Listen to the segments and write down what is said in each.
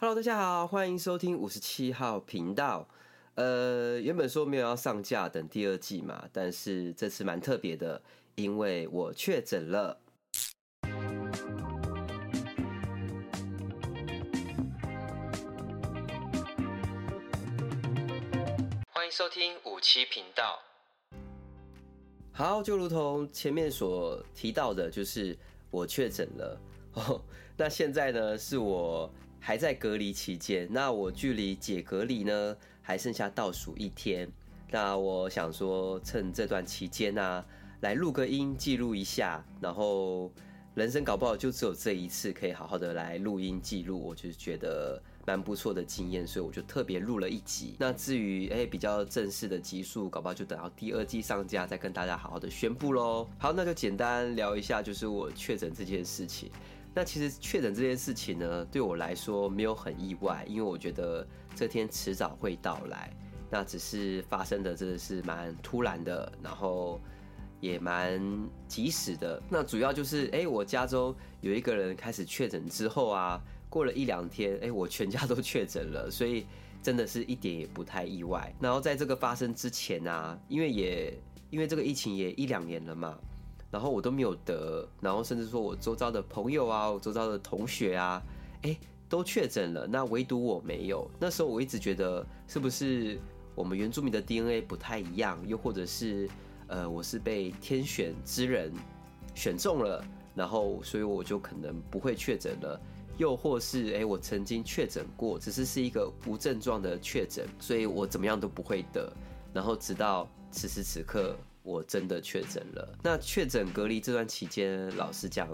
Hello，大家好，歡迎收聽五十七號頻道。呃，原本說沒有要上架等第二季嘛，但是這次蠻特別的，因為我確診了。歡迎收聽五七頻道。好，就如同前面所提到的，就是我確診了。哦，那現在呢，是我。還在隔離期間，那我距離解隔離呢，還剩下倒數一天。那我想說，趁這段期間啊，來錄個音記錄一下。然後人生搞不好就只有這一次，可以好好的來錄音記錄，我就覺得蠻不錯的經驗，所以我就特別錄了一集。那至於哎、欸、比較正式的集數，搞不好就等到第二季上架再跟大家好好的宣布嘍。好，那就簡單聊一下，就是我確診這件事情。那其實確診這件事情呢，對我來說沒有很意外，因為我覺得這天遲早會到來。那只是發生的真的是蠻突然的，然後也蠻及時的。那主要就是，哎、欸，我家中有一個人開始確診之後啊，過了一兩天，哎、欸，我全家都確診了，所以真的是一點也不太意外。然後在這個發生之前啊，因為也因為這個疫情也一兩年了嘛。然後我都沒有得，然後甚至說我周遭的朋友啊，我周遭的同學啊，哎，都確診了，那唯獨我沒有。那時候我一直覺得，是不是我們原住民的 DNA 不太一樣，又或者是，呃，我是被天選之人選中了，然後所以我就可能不會確診了，又或是，哎，我曾經確診過，只是是一個無症狀的確診，所以我怎麼樣都不會得。然後直到此時此刻。我真的確診了。那確診隔離這段期間，老實講，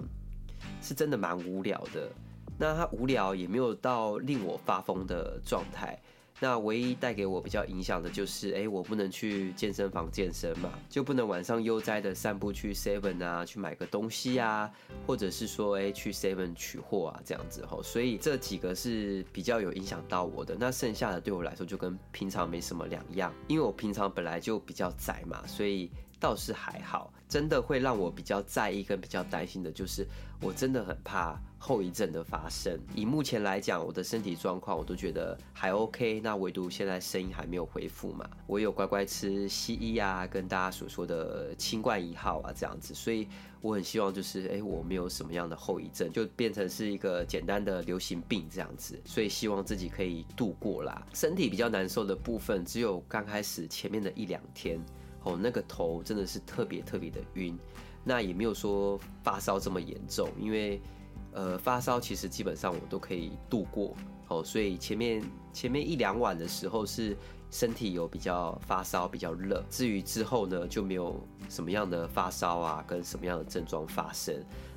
是真的蠻無聊的。那他無聊也沒有到令我發瘋的狀態。那唯一帶給我比較影響的就是，哎、欸，我不能去健身房健身嘛，就不能晚上悠哉的散步去 Seven 啊，去買個東西啊，或者是說，哎、欸，去 Seven 取貨啊，這樣子吼。所以這幾個是比較有影響到我的。那剩下的對我來說就跟平常沒什麼兩樣，因為我平常本來就比較宅嘛，所以。倒是還好，真的會讓我比較在意跟比較擔心的，就是我真的很怕後遺症的發生。以目前來講，我的身體狀況我都覺得還 OK，那唯獨現在聲音還沒有恢復嘛。我有乖乖吃西醫啊，跟大家所說的清冠一號啊這樣子，所以我很希望就是，哎、欸，我沒有什麼樣的後遺症，就變成是一個簡單的流行病這樣子。所以希望自己可以度過啦。身體比較難受的部分，只有剛開始前面的一兩天。哦，那個頭真的是特別特別的暈，那也沒有說發燒這麼嚴重，因為，呃，發燒其實基本上我都可以度過。哦，所以前面前面一兩晚的時候是身體有比較發燒比較熱，至於之後呢就沒有什麼樣的發燒啊跟什麼樣的症狀發生，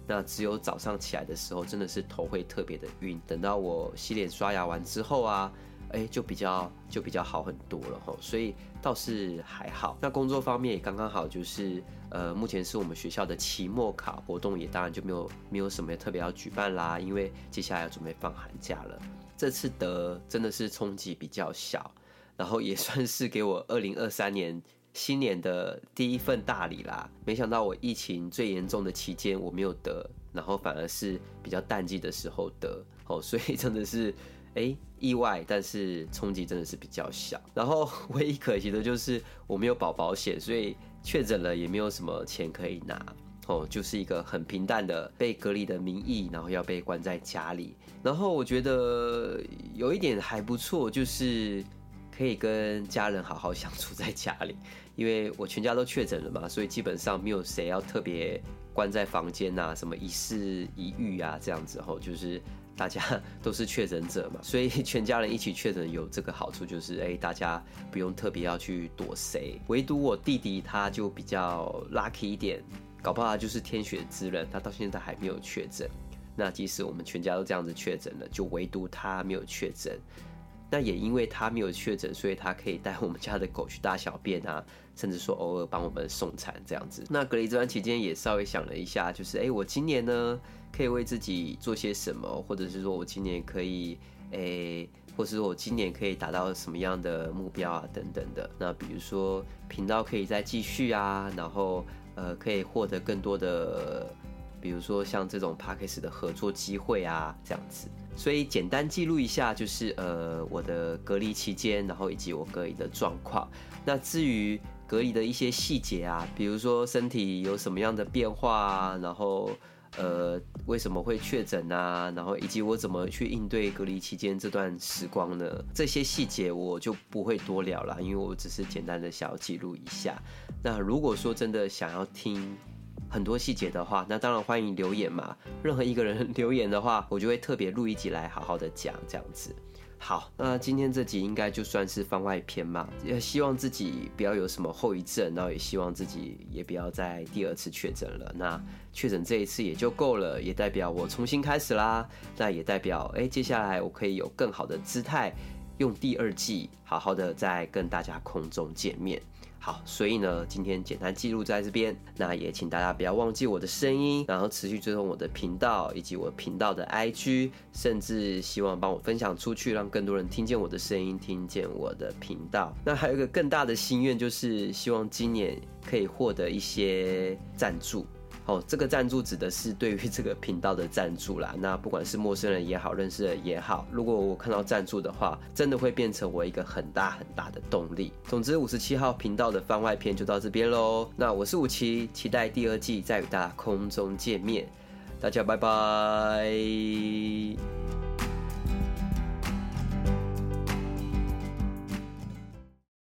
那只有早上起來的時候真的是頭會特別的暈，等到我洗臉刷牙完之後啊。誒、欸，就比較就比較好很多了吼，所以倒是還好。那工作方面也剛剛好，就是呃，目前是我們學校的期末考活動，也當然就沒有沒有什麼特別要舉辦啦，因為接下來要準備放寒假了。這次得真的是衝擊比較小，然後也算是給我二零二三年新年的第一份大禮啦。沒想到我疫情最嚴重的期間我沒有得，然後反而是比較淡季的時候得，吼，所以真的是。哎，意外，但是衝擊真的是比較小。然後唯一可惜的就是我沒有保保險，所以確診了也沒有什麼錢可以拿。哦，就是一個很平淡的被隔離的名義，然後要被關在家裡。然後我覺得有一點還不錯，就是可以跟家人好好相處在家裡，因為我全家都確診了嘛，所以基本上沒有誰要特別關在房間啊，什麼一室一浴啊這樣子。吼、哦，就是。大家都是確診者嘛，所以全家人一起確診有這個好處，就是哎、欸，大家不用特別要去躲誰。唯獨我弟弟他就比較 lucky 一點，搞不好就是天選之人，他到現在還沒有確診。那即使我們全家都這樣子確診了，就唯獨他沒有確診。那也因為他沒有確診，所以他可以帶我們家的狗去大小便啊，甚至說偶爾幫我們送餐這樣子。那隔離這段期間也稍微想了一下，就是哎、欸，我今年呢可以為自己做些什麼，或者是說我今年可以哎、欸，或是說我今年可以達到什麼樣的目標啊等等的。那比如說頻道可以再繼續啊，然後呃可以獲得更多的。比如說像這種 Podcast 的合作機會啊，這樣子，所以簡單記錄一下，就是呃我的隔離期間，然後以及我隔離的狀況。那至於隔離的一些細節啊，比如說身體有什麼樣的變化，然後呃為什麼會確診啊，然後以及我怎麼去應對隔離期間這段時光呢？這些細節我就不會多聊了，因為我只是簡單的想要記錄一下。那如果說真的想要聽，很多細節的話，那當然歡迎留言嘛。任何一個人留言的話，我就會特別錄一集來好好的講這樣子。好，那今天這集應該就算是番外篇嘛。也希望自己不要有什麼後遺症，然後也希望自己也不要再第二次確診了。那確診這一次也就夠了，也代表我重新開始啦。那也代表，哎，接下來我可以有更好的姿態，用第二季好好的再跟大家空中見面。好，所以呢，今天簡單記錄在這邊。那也請大家不要忘記我的聲音，然後持續追蹤我的頻道以及我頻道的 IG，甚至希望幫我分享出去，讓更多人聽見我的聲音，聽見我的頻道。那還有一個更大的心願，就是希望今年可以獲得一些贊助。哦，這個贊助指的是對於這個頻道的贊助啦。那不管是陌生人也好，認識的人也好，如果我看到贊助的話，真的會變成我一個很大很大的動力。總之，五十七號頻道的番外篇就到這邊嘍。那我是五七，期待第二季再與大家空中見面，大家拜拜。